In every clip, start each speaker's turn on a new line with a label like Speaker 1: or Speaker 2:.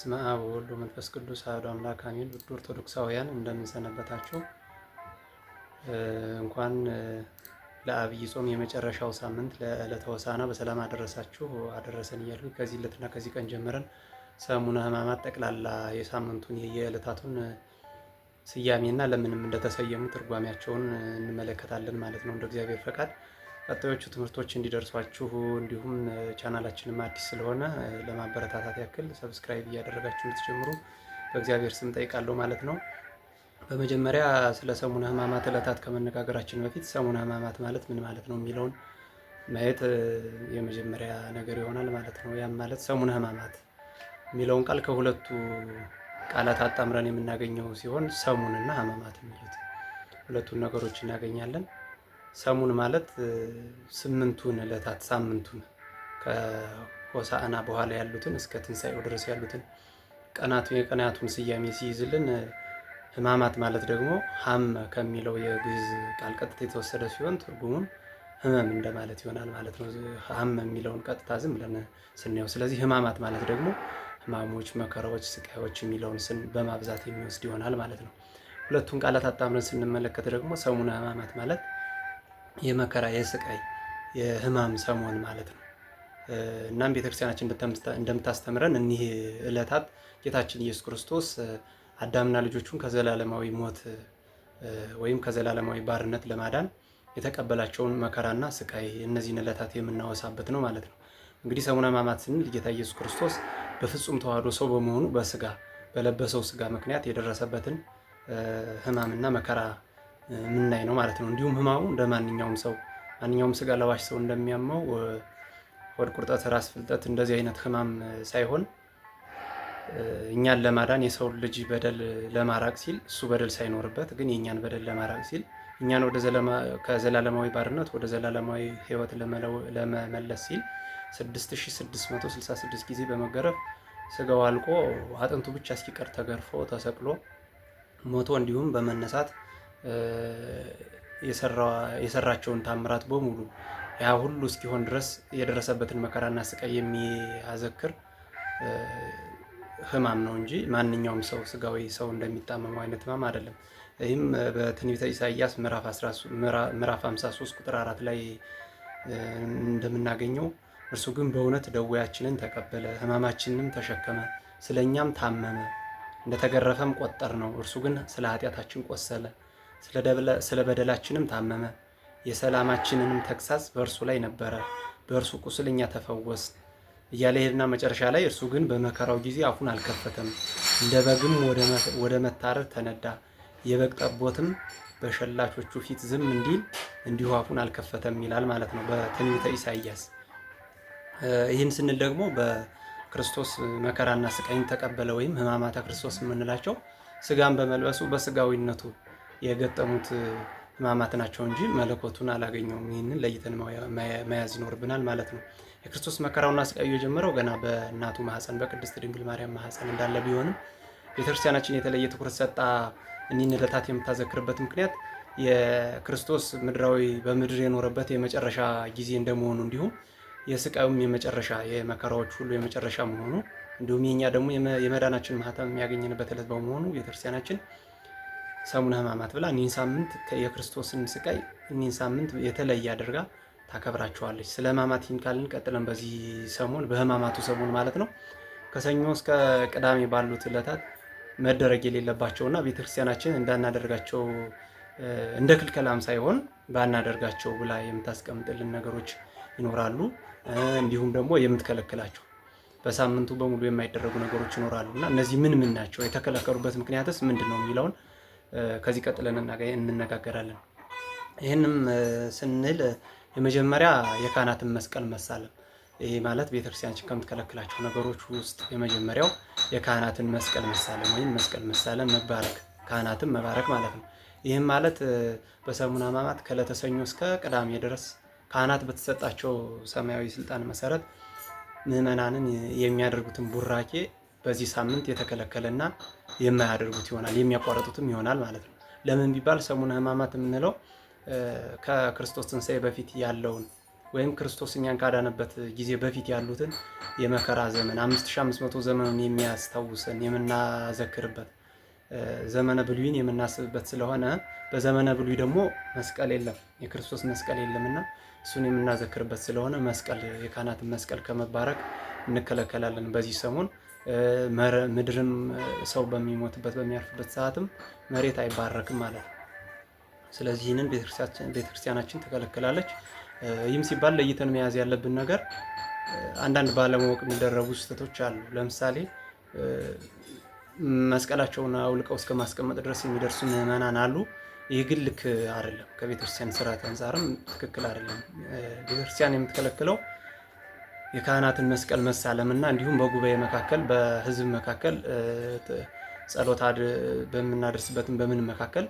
Speaker 1: በስመ አብ ወወልድ ወመንፈስ ቅዱስ አሐዱ አምላክ አሜን። ውድ ኦርቶዶክሳውያን እንደምንሰነበታችሁ። እንኳን ለአብይ ጾም የመጨረሻው ሳምንት ለዕለተ ሆሳዕና በሰላም አደረሳችሁ አደረሰን እያሉ ከዚህ ዕለትና ከዚህ ቀን ጀምረን ሰሙነ ሕማማት ጠቅላላ የሳምንቱን የየዕለታቱን ስያሜና ለምንም እንደተሰየሙ ትርጓሜያቸውን እንመለከታለን ማለት ነው እንደ እግዚአብሔር ፈቃድ። ቀጣዮቹ ትምህርቶች እንዲደርሷችሁ እንዲሁም ቻናላችንም አዲስ ስለሆነ ለማበረታታት ያክል ሰብስክራይብ እያደረጋችሁ እንድትጀምሩ በእግዚአብሔር ስም ጠይቃለሁ ማለት ነው። በመጀመሪያ ስለ ሰሙነ ሕማማት ዕለታት ከመነጋገራችን በፊት ሰሙነ ሕማማት ማለት ምን ማለት ነው የሚለውን ማየት የመጀመሪያ ነገር ይሆናል ማለት ነው። ያም ማለት ሰሙነ ሕማማት የሚለውን ቃል ከሁለቱ ቃላት አጣምረን የምናገኘው ሲሆን ሰሙንና ሕማማት የሚሉት ሁለቱን ነገሮች እናገኛለን። ሰሙን ማለት ስምንቱን ዕለታት ሳምንቱን ከሆሳዕና በኋላ ያሉትን እስከ ትንሣኤው ድረስ ያሉትን ቀናቱ የቀናቱን ስያሜ ሲይዝልን ህማማት ማለት ደግሞ ሀመ ከሚለው የግዕዝ ቃል ቀጥታ የተወሰደ ሲሆን ትርጉሙም ህመም እንደማለት ይሆናል ማለት ነው። ሀም የሚለውን ቀጥታ ዝም ብለን ስናየው፣ ስለዚህ ህማማት ማለት ደግሞ ህማሞች መከራዎች፣ ስቃዮች የሚለውን በማብዛት የሚወስድ ይሆናል ማለት ነው። ሁለቱን ቃላት አጣምረን ስንመለከት ደግሞ ሰሙነ ህማማት ማለት የመከራ የስቃይ የህማም ሰሞን ማለት ነው። እናም ቤተክርስቲያናችን እንደምታስተምረን እኒህ ዕለታት ጌታችን ኢየሱስ ክርስቶስ አዳምና ልጆቹን ከዘላለማዊ ሞት ወይም ከዘላለማዊ ባርነት ለማዳን የተቀበላቸውን መከራና ስቃይ እነዚህን ዕለታት የምናወሳበት ነው ማለት ነው። እንግዲህ ሰሙነ ሕማማት ስንል ጌታ ኢየሱስ ክርስቶስ በፍጹም ተዋህዶ ሰው በመሆኑ በስጋ በለበሰው ስጋ ምክንያት የደረሰበትን ህማምና መከራ የምናይ ነው ማለት ነው። እንዲሁም ህማሙ እንደ ማንኛውም ሰው ማንኛውም ስጋ ለባሽ ሰው እንደሚያመው ሆድ ቁርጠት፣ ራስ ፍልጠት እንደዚህ አይነት ህማም ሳይሆን እኛን ለማዳን የሰውን ልጅ በደል ለማራቅ ሲል እሱ በደል ሳይኖርበት ግን የእኛን በደል ለማራቅ ሲል እኛን ከዘላለማዊ ባርነት ወደ ዘላለማዊ ህይወት ለመመለስ ሲል 6666 ጊዜ በመገረፍ ስጋው አልቆ አጥንቱ ብቻ እስኪቀር ተገርፎ ተሰቅሎ ሞቶ እንዲሁም በመነሳት የሰራቸውን ታምራት በሙሉ ያ ሁሉ እስኪሆን ድረስ የደረሰበትን መከራና ስቃይ የሚያዘክር ህማም ነው እንጂ ማንኛውም ሰው ስጋዊ ሰው እንደሚታመመው አይነት ሕማም አይደለም። ይህም በትንቢተ ኢሳይያስ ምዕራፍ 53 ቁጥር አራት ላይ እንደምናገኘው እርሱ ግን በእውነት ደዌያችንን ተቀበለ፣ ህማማችንንም ተሸከመ፣ ስለ እኛም ታመመ፣ እንደተገረፈም ቆጠር ነው። እርሱ ግን ስለ ኃጢአታችን ቆሰለ ስለ በደላችንም ታመመ፣ የሰላማችንንም ተግሳጽ በእርሱ ላይ ነበረ፣ በእርሱ ቁስል እኛ ተፈወስ እያለ ሄድና መጨረሻ ላይ እርሱ ግን በመከራው ጊዜ አፉን አልከፈተም፣ እንደ በግም ወደ መታረድ ተነዳ። የበግ ጠቦትም በሸላቾቹ ፊት ዝም እንዲል እንዲሁ አፉን አልከፈተም ይላል ማለት ነው በትንቢተ ኢሳያስ። ይህን ስንል ደግሞ በክርስቶስ መከራና ስቃይን ተቀበለ ወይም ሕማማተ ክርስቶስ የምንላቸው ስጋን በመልበሱ በስጋዊነቱ የገጠሙት ሕማማት ናቸው እንጂ መለኮቱን አላገኘውም። ይህንን ለይተን መያዝ ይኖርብናል ማለት ነው። የክርስቶስ መከራውና ስቃዩ የጀመረው ገና በእናቱ ማህፀን በቅድስት ድንግል ማርያም ማህፀን እንዳለ ቢሆንም ቤተክርስቲያናችን የተለየ ትኩረት ሰጣ እኒህን ዕለታት የምታዘክርበት ምክንያት የክርስቶስ ምድራዊ በምድር የኖረበት የመጨረሻ ጊዜ እንደመሆኑ እንዲሁም የስቃዩም የመጨረሻ የመከራዎች ሁሉ የመጨረሻ መሆኑ እንዲሁም የኛ ደግሞ የመዳናችን ማህተም የሚያገኝንበት ዕለት በመሆኑ ቤተክርስቲያናችን ሰሙነ ሕማማት ብላ እኒህን ሳምንት የክርስቶስን ስቃይ እኒህን ሳምንት የተለየ አድርጋ ታከብራቸዋለች። ስለ ሕማማት ይህን ካልን ቀጥለን በዚህ ሰሞን በሕማማቱ ሰሞን ማለት ነው ከሰኞ እስከ ቅዳሜ ባሉት ዕለታት መደረግ የሌለባቸውና ቤተክርስቲያናችን እንዳናደርጋቸው እንደ ክልከላም ሳይሆን ባናደርጋቸው ብላ የምታስቀምጥልን ነገሮች ይኖራሉ። እንዲሁም ደግሞ የምትከለክላቸው በሳምንቱ በሙሉ የማይደረጉ ነገሮች ይኖራሉ እና እነዚህ ምን ምን ናቸው? የተከለከሉበት ምክንያትስ ምንድን ነው የሚለውን ከዚህ ቀጥለን እንነጋገራለን። ይህንም ስንል የመጀመሪያ የካህናትን መስቀል መሳለም፣ ይሄ ማለት ቤተክርስቲያናችን ከምትከለክላቸው ነገሮች ውስጥ የመጀመሪያው የካህናትን መስቀል መሳለም ወይም መስቀል መሳለም መባረክ፣ ካህናትን መባረክ ማለት ነው። ይህም ማለት በሰሙነ ሕማማት ከዕለተ ሰኞ እስከ ቅዳሜ ድረስ ካህናት በተሰጣቸው ሰማያዊ ስልጣን መሰረት ምእመናንን የሚያደርጉትን ቡራኬ በዚህ ሳምንት የተከለከለና የማያደርጉት ይሆናል የሚያቋረጡትም ይሆናል ማለት ነው። ለምን ቢባል ሰሙነ ሕማማት የምንለው ከክርስቶስ ትንሣኤ በፊት ያለውን ወይም ክርስቶስ እኛን ካዳነበት ጊዜ በፊት ያሉትን የመከራ ዘመን 5500 ዘመኑን የሚያስታውሰን የምናዘክርበት ዘመነ ብሉይን የምናስብበት ስለሆነ በዘመነ ብሉይ ደግሞ መስቀል የለም፣ የክርስቶስ መስቀል የለምና እሱን የምናዘክርበት ስለሆነ መስቀል የካህናትን መስቀል ከመባረክ እንከለከላለን በዚህ ሰሞን። ምድርም ሰው በሚሞትበት በሚያርፍበት ሰዓትም መሬት አይባረክም ማለት ነው። ስለዚህ ይህንን ቤተክርስቲያናችን ትከለክላለች። ይህም ሲባል ለይተን መያዝ ያለብን ነገር አንዳንድ ባለማወቅ የሚደረጉ ስህተቶች አሉ። ለምሳሌ መስቀላቸውን አውልቀው እስከ ማስቀመጥ ድረስ የሚደርሱ ምዕመናን አሉ። ይህ ግን ልክ አይደለም። ከቤተክርስቲያን ስርዓት አንጻርም ትክክል አይደለም። ቤተክርስቲያን የምትከለክለው የካህናትን መስቀል መሳለምና እንዲሁም በጉባኤ መካከል በህዝብ መካከል ጸሎት በምናደርስበትም በምን መካከል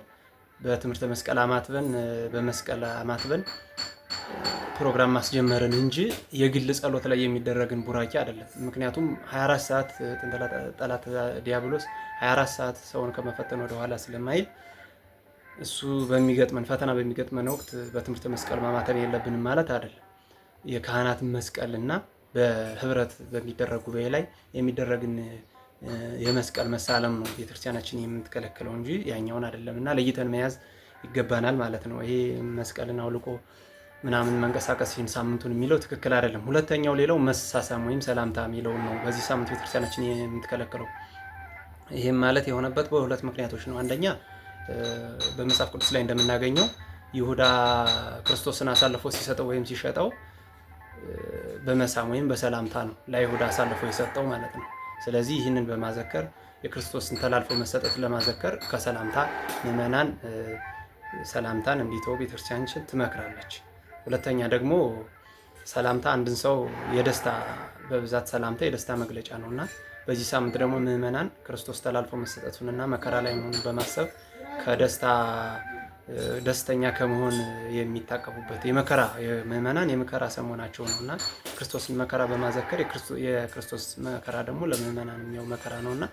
Speaker 1: በትምህርተ መስቀል አማትበን በመስቀል አማትበን ፕሮግራም ማስጀመርን እንጂ የግል ጸሎት ላይ የሚደረግን ቡራኬ አይደለም። ምክንያቱም 24 ሰዓት ጠላት ዲያብሎስ 24 ሰዓት ሰውን ከመፈተን ወደኋላ ስለማይል እሱ በሚገጥመን ፈተና በሚገጥመን ወቅት በትምህርተ መስቀል ማማተን የለብንም ማለት አይደለም። የካህናትን እና በህብረት በሚደረጉ ጉባኤ ላይ የሚደረግን የመስቀል መሳለም ነው ቤተክርስቲያናችን የምትከለክለው እንጂ ያኛውን አይደለም። እና ለይተን መያዝ ይገባናል ማለት ነው። ይሄ መስቀልን አውልቆ ምናምን መንቀሳቀስ ይህን ሳምንቱን የሚለው ትክክል አይደለም። ሁለተኛው ሌላው መሳሳም ወይም ሰላምታ የሚለውን ነው በዚህ ሳምንት ቤተክርስቲያናችን የምትከለክለው። ይህም ማለት የሆነበት በሁለት ምክንያቶች ነው። አንደኛ በመጽሐፍ ቅዱስ ላይ እንደምናገኘው ይሁዳ ክርስቶስን አሳልፎ ሲሰጠው ወይም ሲሸጠው በመሳም ወይም በሰላምታ ነው ለአይሁድ አሳልፎ የሰጠው ማለት ነው። ስለዚህ ይህንን በማዘከር የክርስቶስን ተላልፎ መሰጠት ለማዘከር ከሰላምታ ምዕመናን ሰላምታን እንዲተው ቤተክርስቲያንችን ትመክራለች። ሁለተኛ ደግሞ ሰላምታ አንድን ሰው የደስታ በብዛት ሰላምታ የደስታ መግለጫ ነው እና በዚህ ሳምንት ደግሞ ምዕመናን ክርስቶስ ተላልፎ መሰጠቱንና መከራ ላይ መሆኑን በማሰብ ከደስታ ደስተኛ ከመሆን የሚታቀፉበት የመከራ ምዕመናን የመከራ ሰሞናቸው ነው እና ክርስቶስን መከራ በማዘከር የክርስቶስ መከራ ደግሞ ለምዕመናን የሚያው መከራ ነው እና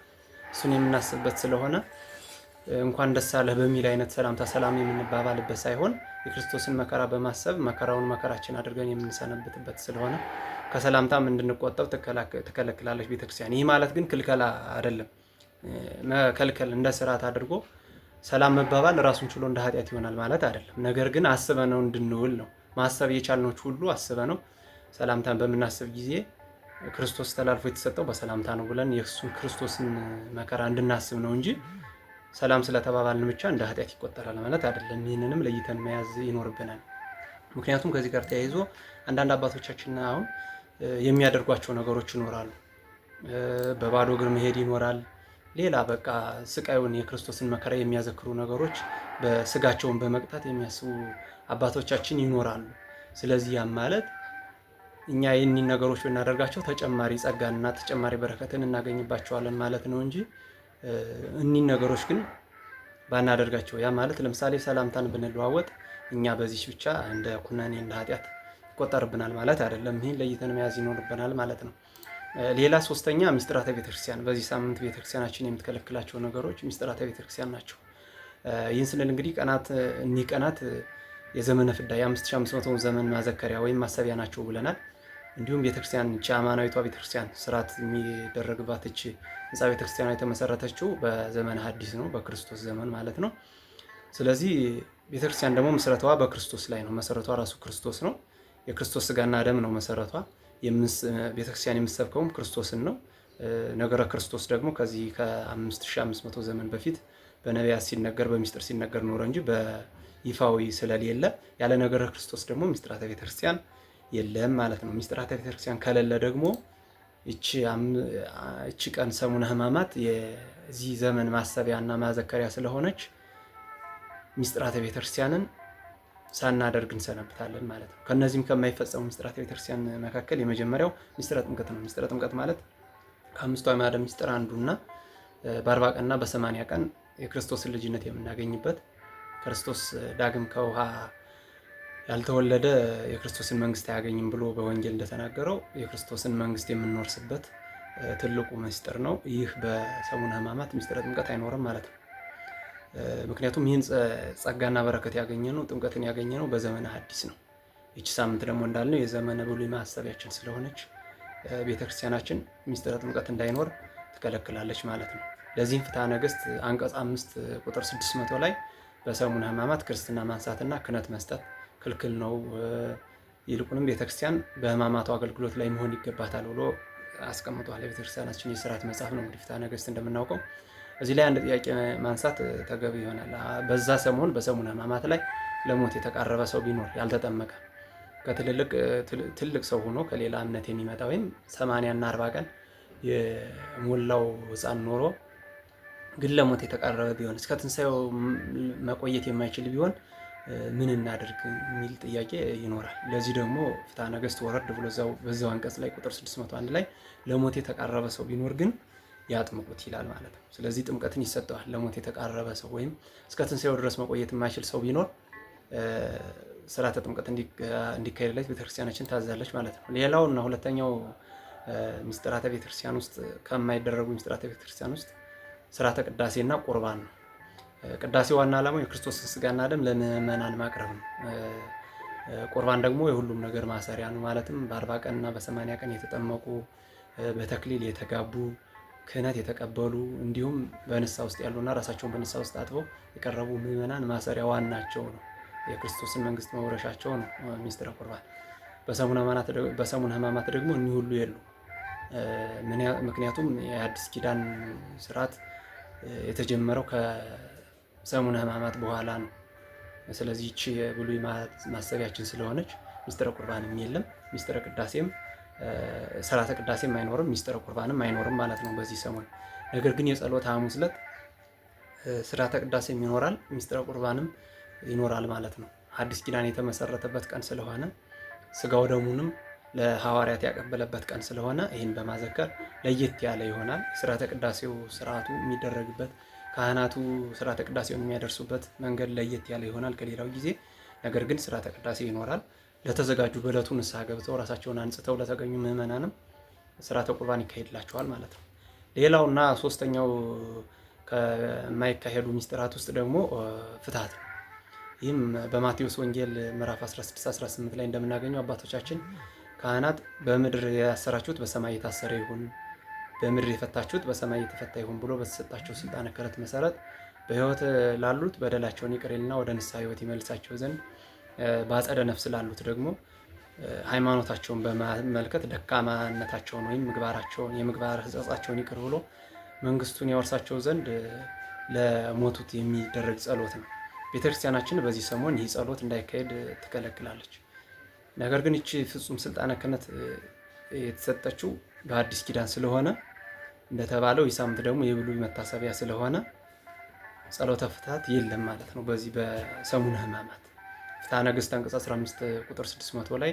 Speaker 1: እሱን የምናስብበት ስለሆነ እንኳን ደስ አለህ በሚል አይነት ሰላምታ ሰላም የምንባባልበት ሳይሆን የክርስቶስን መከራ በማሰብ መከራውን መከራችን አድርገን የምንሰነብትበት ስለሆነ ከሰላምታም እንድንቆጠብ ትከለክላለች ቤተክርስቲያን። ይህ ማለት ግን ክልከላ አይደለም። መከልከል እንደ ስርዓት አድርጎ ሰላም መባባል ራሱን ችሎ እንደ ኃጢአት ይሆናል ማለት አይደለም። ነገር ግን አስበ ነው እንድንውል ነው ማሰብ የቻልኖች ሁሉ አስበ ነው ሰላምታን በምናስብ ጊዜ ክርስቶስ ተላልፎ የተሰጠው በሰላምታ ነው ብለን የእሱን ክርስቶስን መከራ እንድናስብ ነው እንጂ ሰላም ስለተባባልን ብቻ እንደ ኃጢአት ይቆጠራል ማለት አይደለም። ይህንንም ለይተን መያዝ ይኖርብናል። ምክንያቱም ከዚህ ጋር ተያይዞ አንዳንድ አባቶቻችን አሁን የሚያደርጓቸው ነገሮች ይኖራሉ። በባዶ እግር መሄድ ይኖራል። ሌላ በቃ ስቃዩን የክርስቶስን መከራ የሚያዘክሩ ነገሮች በስጋቸውን በመቅጣት የሚያስቡ አባቶቻችን ይኖራሉ። ስለዚህ ያም ማለት እኛ ይህንን ነገሮች ብናደርጋቸው ተጨማሪ ጸጋንና ተጨማሪ በረከትን እናገኝባቸዋለን ማለት ነው እንጂ እኒህ ነገሮች ግን ባናደርጋቸው ያ ማለት ለምሳሌ ሰላምታን ብንለዋወጥ እኛ በዚህ ብቻ እንደ ኩነኔ እንደ ኃጢአት ይቆጠርብናል ማለት አይደለም። ይህን ለይተን መያዝ ይኖርብናል ማለት ነው። ሌላ ሶስተኛ ሚስጥራተ ቤተክርስቲያን በዚህ ሳምንት ቤተክርስቲያናችን የምትከለክላቸው ነገሮች ሚስጥራተ ቤተክርስቲያን ናቸው። ይህን ስንል እንግዲህ ቀናት እኒህ ቀናት የዘመነ ፍዳ የ5500ውን ዘመን ማዘከሪያ ወይም ማሰቢያ ናቸው ብለናል። እንዲሁም ቤተክርስቲያን እቺ አማናዊቷ ቤተክርስቲያን ስርዓት የሚደረግባት እቺ ህንፃ ቤተክርስቲያኗ የተመሰረተችው በዘመነ ሐዲስ ነው፣ በክርስቶስ ዘመን ማለት ነው። ስለዚህ ቤተክርስቲያን ደግሞ መሰረቷ በክርስቶስ ላይ ነው። መሰረቷ ራሱ ክርስቶስ ነው። የክርስቶስ ስጋና ደም ነው መሰረቷ ቤተክርስቲያን የምትሰብከውም ክርስቶስን ነው። ነገረ ክርስቶስ ደግሞ ከዚህ ከ5500 ዘመን በፊት በነቢያት ሲነገር በሚስጥር ሲነገር ኖረ እንጂ በይፋዊ ስለሌለ ያለ ነገረ ክርስቶስ ደግሞ ሚስጥራተ ቤተክርስቲያን የለም ማለት ነው። ሚስጥራተ ቤተክርስቲያን ከሌለ ደግሞ እቺ ቀን ሰሙነ ሕማማት የዚህ ዘመን ማሰቢያና ማዘከሪያ ስለሆነች ሚስጥራተ ቤተክርስቲያንን ሳናደርግ እንሰነብታለን ማለት ነው። ከእነዚህም ከማይፈጸሙ ምስጢራት ቤተክርስቲያን መካከል የመጀመሪያው ምስጢረ ጥምቀት ነው። ምስጢረ ጥምቀት ማለት ከአምስቱ አዕማደ ምስጢር አንዱና በአርባ ቀንና በሰማንያ ቀን የክርስቶስን ልጅነት የምናገኝበት ክርስቶስ ዳግም ከውሃ ያልተወለደ የክርስቶስን መንግስት አያገኝም ብሎ በወንጌል እንደተናገረው የክርስቶስን መንግስት የምንወርስበት ትልቁ ምስጢር ነው። ይህ በሰሙነ ሕማማት ምስጢረ ጥምቀት አይኖርም ማለት ነው። ምክንያቱም ይህን ጸጋና በረከት ያገኘ ነው ጥምቀትን ያገኘ ነው በዘመነ ሐዲስ ነው። ይቺ ሳምንት ደግሞ እንዳልነው የዘመነ ብሉይ ማሰቢያችን ስለሆነች ቤተክርስቲያናችን ሚስጥረ ጥምቀት እንዳይኖር ትከለክላለች ማለት ነው። ለዚህም ፍትሐ ነገሥት አንቀጽ አምስት ቁጥር ስድስት መቶ ላይ በሰሙነ ሕማማት ክርስትና ማንሳትና ክህነት መስጠት ክልክል ነው፣ ይልቁንም ቤተክርስቲያን በሕማማቱ አገልግሎት ላይ መሆን ይገባታል ብሎ አስቀምጧል። የቤተክርስቲያናችን የስርዓት መጽሐፍ ነው እንግዲህ ፍትሐ ነገሥት እንደምናውቀው እዚህ ላይ አንድ ጥያቄ ማንሳት ተገቢ ይሆናል። በዛ ሰሞን በሰሙነ ሕማማት ላይ ለሞት የተቃረበ ሰው ቢኖር ያልተጠመቀ ትልቅ ሰው ሆኖ ከሌላ እምነት የሚመጣ ወይም ሰማንያና አርባ ቀን የሞላው ህፃን ኖሮ ግን ለሞት የተቃረበ ቢሆን እስከ ትንሣኤው መቆየት የማይችል ቢሆን ምን እናድርግ የሚል ጥያቄ ይኖራል። ለዚህ ደግሞ ፍትሐ ነገሥት ወረድ ብሎ በዛው አንቀጽ ላይ ቁጥር 601 ላይ ለሞት የተቃረበ ሰው ቢኖር ግን ያጥምቁት ይላል ማለት ነው። ስለዚህ ጥምቀትን ይሰጠዋል ለሞት የተቃረበ ሰው ወይም እስከ ትንሣኤው ድረስ መቆየት የማይችል ሰው ቢኖር ስርዓተ ጥምቀት እንዲካሄድለት ቤተክርስቲያናችን ታዛለች ማለት ነው። ሌላውና ሁለተኛው ምስጢራተ ቤተክርስቲያን ውስጥ ከማይደረጉ ምስጢራተ ቤተክርስቲያን ውስጥ ስርዓተ ቅዳሴና ቁርባን ነው። ቅዳሴ ዋና ዓላማው የክርስቶስን ስጋና ደም ለምዕመናን ማቅረብ ነው። ቁርባን ደግሞ የሁሉም ነገር ማሰሪያ ነው። ማለትም በአርባ ቀንና በሰማንያ ቀን የተጠመቁ በተክሊል የተጋቡ ክህነት የተቀበሉ እንዲሁም በንሳ ውስጥ ያሉና ራሳቸውን በንሳ ውስጥ አጥበው የቀረቡ ምዕመናን ማሰሪያ ዋናቸው ነው። የክርስቶስን መንግስት መውረሻቸው ነው ሚስጥረ ቁርባን። በሰሙን ህማማት ደግሞ እኒህ ሁሉ የሉ። ምክንያቱም የአዲስ ኪዳን ስርዓት የተጀመረው ከሰሙን ህማማት በኋላ ነው። ስለዚህ ይቺ የብሉይ ማሰቢያችን ስለሆነች ሚስጥረ ቁርባንም የለም፣ ሚስጥረ ቅዳሴም ስርዓተ ቅዳሴም አይኖርም፣ ሚስጥረ ቁርባንም አይኖርም ማለት ነው በዚህ ሰሞን። ነገር ግን የጸሎት ሐሙስ ዕለት ስርዓተ ቅዳሴም ይኖራል፣ ሚስጥረ ቁርባንም ይኖራል ማለት ነው። አዲስ ኪዳን የተመሰረተበት ቀን ስለሆነ ስጋው ደሙንም ለሐዋርያት ያቀበለበት ቀን ስለሆነ ይህን በማዘከር ለየት ያለ ይሆናል። ስርዓተ ቅዳሴው ስርዓቱ የሚደረግበት ካህናቱ ስርዓተ ቅዳሴውን የሚያደርሱበት መንገድ ለየት ያለ ይሆናል ከሌላው ጊዜ። ነገር ግን ስርዓተ ቅዳሴ ይኖራል። ለተዘጋጁ በዕለቱ ንስሐ ገብተው ራሳቸውን አንጽተው ለተገኙ ምዕመናንም ስርዓተ ቁርባን ይካሄድላቸዋል ማለት ነው። ሌላውና ሶስተኛው ከማይካሄዱ ሚስጥራት ውስጥ ደግሞ ፍትሐት ነው። ይህም በማቴዎስ ወንጌል ምዕራፍ 16 18 ላይ እንደምናገኘው አባቶቻችን ካህናት በምድር ያሰራችሁት በሰማይ የታሰረ ይሁን፣ በምድር የፈታችሁት በሰማይ የተፈታ ይሁን ብሎ በተሰጣቸው ስልጣነ ክህነት መሰረት በህይወት ላሉት በደላቸውን ይቅር ይልና ወደ ንስሐ ህይወት ይመልሳቸው ዘንድ በአጸደ ነፍስ ላሉት ደግሞ ሃይማኖታቸውን በመመልከት ደካማነታቸውን ወይም ምግባራቸውን የምግባር ሕጸጻቸውን ይቅር ብሎ መንግስቱን ያወርሳቸው ዘንድ ለሞቱት የሚደረግ ጸሎት ነው። ቤተክርስቲያናችን በዚህ ሰሞን ይህ ጸሎት እንዳይካሄድ ትከለክላለች። ነገር ግን እቺ ፍጹም ስልጣነ ክህነት የተሰጠችው በአዲስ ኪዳን ስለሆነ እንደተባለው ይህ ደግሞ የብሉይ መታሰቢያ ስለሆነ ጸሎተ ፍትሐት የለም ማለት ነው በዚህ በሰሙነ ሕማማት ፍትሐ ነገሥት አንቀጽ 15 ቁጥር 600 ላይ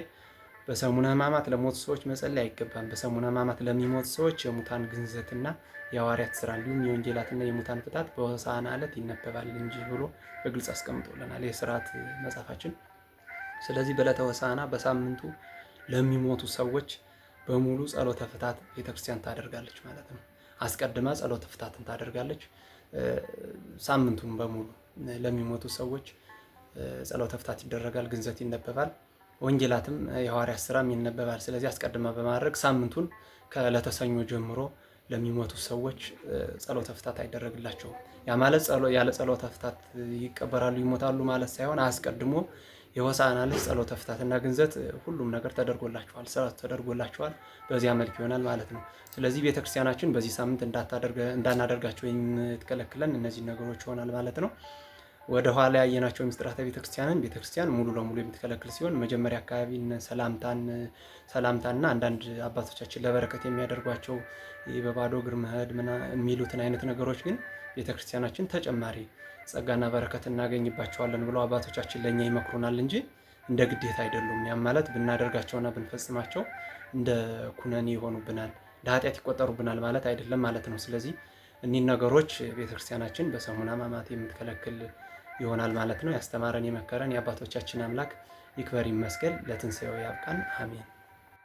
Speaker 1: በሰሙነ ሕማማት ለሞቱ ሰዎች መጸለይ አይገባም። በሰሙነ ሕማማት ለሚሞቱ ሰዎች የሙታን ግንዘትና የሐዋርያት ስራ እንዲሁም የወንጌላትና የሙታን ፍታት በሆሳዕና ዕለት ይነበባል እንጂ ብሎ በግልጽ አስቀምጦልናል የስርዓት መጽሐፋችን። ስለዚህ በዕለተ ሆሳዕና በሳምንቱ ለሚሞቱ ሰዎች በሙሉ ጸሎተ ፍታት ቤተክርስቲያን ታደርጋለች ማለት ነው። አስቀድማ ጸሎተ ፍታትን ታደርጋለች። ሳምንቱን በሙሉ ለሚሞቱ ሰዎች ጸሎተ ፍታት ይደረጋል፣ ግንዘት ይነበባል፣ ወንጌላትም የሐዋርያት ስራም ይነበባል። ስለዚህ አስቀድማ በማድረግ ሳምንቱን ከዕለተ ሰኞ ጀምሮ ለሚሞቱ ሰዎች ጸሎተ ፍታት አይደረግላቸውም። ያ ማለት ያለ ጸሎተ ፍታት ይቀበራሉ ይሞታሉ ማለት ሳይሆን አስቀድሞ የሆሳዕና ዕለት ጸሎተ ፍታትና ግንዘት ሁሉም ነገር ተደርጎላቸዋል፣ ስርዓት ተደርጎላቸዋል። በዚያ መልክ ይሆናል ማለት ነው። ስለዚህ ቤተክርስቲያናችን በዚህ ሳምንት እንዳናደርጋቸው የምትከለክለን እነዚህ ነገሮች ይሆናል ማለት ነው። ወደ ኋላ ያየናቸው ምስጢራተ ቤተክርስቲያንን ቤተክርስቲያን ሙሉ ለሙሉ የምትከለክል ሲሆን መጀመሪያ አካባቢ ሰላምታን ሰላምታና አንዳንድ አባቶቻችን ለበረከት የሚያደርጓቸው በባዶ እግር መሄድ የሚሉትን አይነት ነገሮች ግን ቤተክርስቲያናችን ተጨማሪ ጸጋና በረከት እናገኝባቸዋለን ብለው አባቶቻችን ለእኛ ይመክሩናል እንጂ እንደ ግዴታ አይደሉም። ያም ማለት ብናደርጋቸውና ብንፈጽማቸው እንደ ኩነኔ ይሆኑብናል፣ እንደ ኃጢአት ይቆጠሩብናል ማለት አይደለም ማለት ነው። ስለዚህ እኒህ ነገሮች ቤተክርስቲያናችን በሰሙነ ሕማማት የምትከለክል ይሆናል ማለት ነው። ያስተማረን የመከረን የአባቶቻችን አምላክ ይክበር ይመስገን። ለትንሣኤው ያብቃን። አሜን።